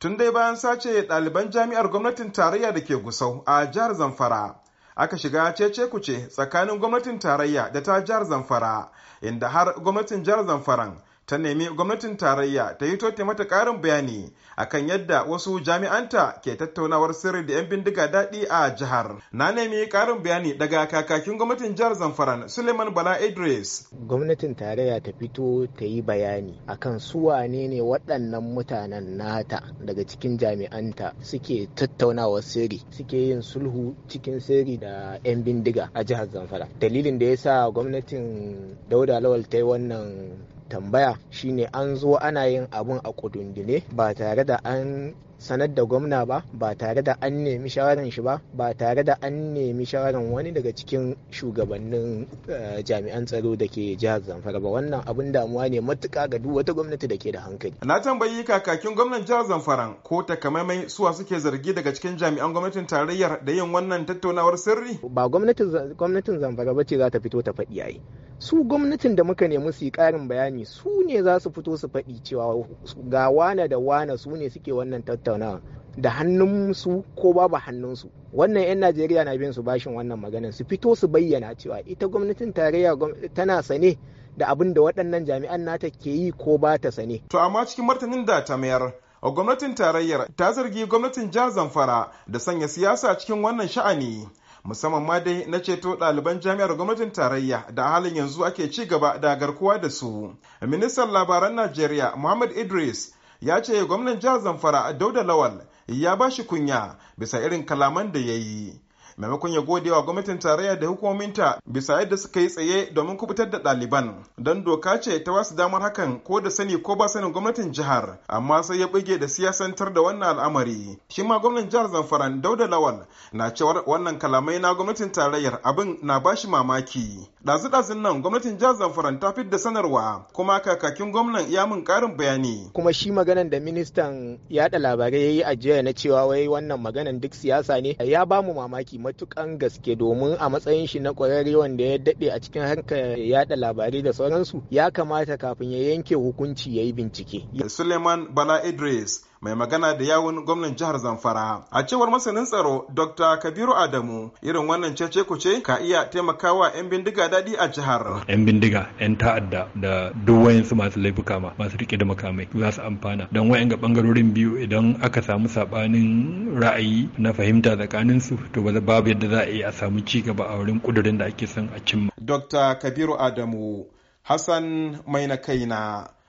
tun dai bayan sace ɗaliban jami'ar gwamnatin tarayya da ke gusau a jihar zamfara aka shiga cece kuce tsakanin gwamnatin tarayya da ta jihar zamfara inda har gwamnatin jihar zamfaran ta nemi gwamnatin tarayya ta yi tote mata ƙarin bayani akan yadda wasu jami'anta ke tattaunawar sirri da 'yan bindiga daɗi a jihar. Na nemi ƙarin bayani daga kakakin gwamnatin jihar Zamfaran Suleiman Bala Idris. Gwamnatin tarayya ta fito ta yi bayani akan su wane ne waɗannan mutanen nata daga cikin jami'anta suke tattaunawar sirri suke yin sulhu cikin sirri da 'yan bindiga a jihar Zamfara. Dalilin da ya sa gwamnatin Dauda Lawal ta yi wannan tambaya shine an zo ana yin abun a kudundune ba tare da an sanar da gwamna ba ba tare da an nemi shawaran shi ba ba tare da an nemi shawaran wani daga cikin shugabannin eh, jami'an tsaro da ke jihar zamfara ba wannan abin damuwa ne matuka ga duk wata gwamnati da ke da hankali na tambayi kakakin gwamnan jihar zamfara ko takamaimai suwa suke zargi daga cikin jami'an gwamnatin tarayyar da yin wannan tattaunawar sirri ba gwamnatin zamfara ba ce za ta fito ta faɗi ai su gwamnatin da muka nemi su yi ƙarin bayani su ne za su fito su faɗi cewa ga wane da wane su ne suke wannan tattaunawar tattaunawa da hannunsu ko babu hannunsu wannan 'yan najeriya na bin su bashin wannan maganin su fito su bayyana cewa ita gwamnatin tarayya tana sane da abin da waɗannan jami'an nata ke yi ko ba ta sane to amma cikin martanin da ta mayar gwamnatin tarayyar ta zargi gwamnatin jihar zamfara da sanya siyasa cikin wannan sha'ani musamman ma dai na ceto ɗaliban jami'ar gwamnatin tarayya da halin yanzu ake ci gaba da garkuwa da su ministan labaran najeriya muhammad idris ya ce gwamnan jihar zamfara dauda lawal ya ba shi kunya bisa irin kalaman da ya yi maimakon ya gode wa gwamnatin tarayya da hukumominta bisa yadda suka yi tsaye domin kubutar da ɗaliban don doka ce ta wasu damar hakan ko da sani ko ba sanin gwamnatin jihar amma sai ya buge da siyasantar da wannan al'amari shi ma gwamnan jihar zamfaran dauda lawal na cewar wannan kalamai na gwamnatin tarayyar abin na bashi mamaki ɗazu-ɗazun nan gwamnatin jihar zamfara ta da sanarwa kuma kakakin gwamnan ya mun ƙarin bayani kuma shi maganan da ministan yaɗa labarai ya yi a jiya na cewa wai wannan maganan duk siyasa ne ya ba mu mamaki matukan gaske domin a matsayin shi na ƙwararre wanda ya daɗe a cikin harkar yaɗa labarai da sauransu ya kamata kafin ya yanke hukunci ya yi bincike suleiman bala idris mai magana da yawun gwamnan jihar zamfara a cewar masanin tsaro dr kabiru adamu irin wannan cece kuce ka iya taimakawa 'yan bindiga daɗi a jihar 'yan bindiga 'yan ta'adda da duk wayansu masu laifuka ma masu rike da makamai za su amfana don wayan ga bangarorin biyu idan aka samu sabanin ra'ayi na fahimta tsakanin su to ba babu yadda za a yi a samu ci gaba a wurin kudurin da ake son a cimma dr kabiru adamu hassan maina kaina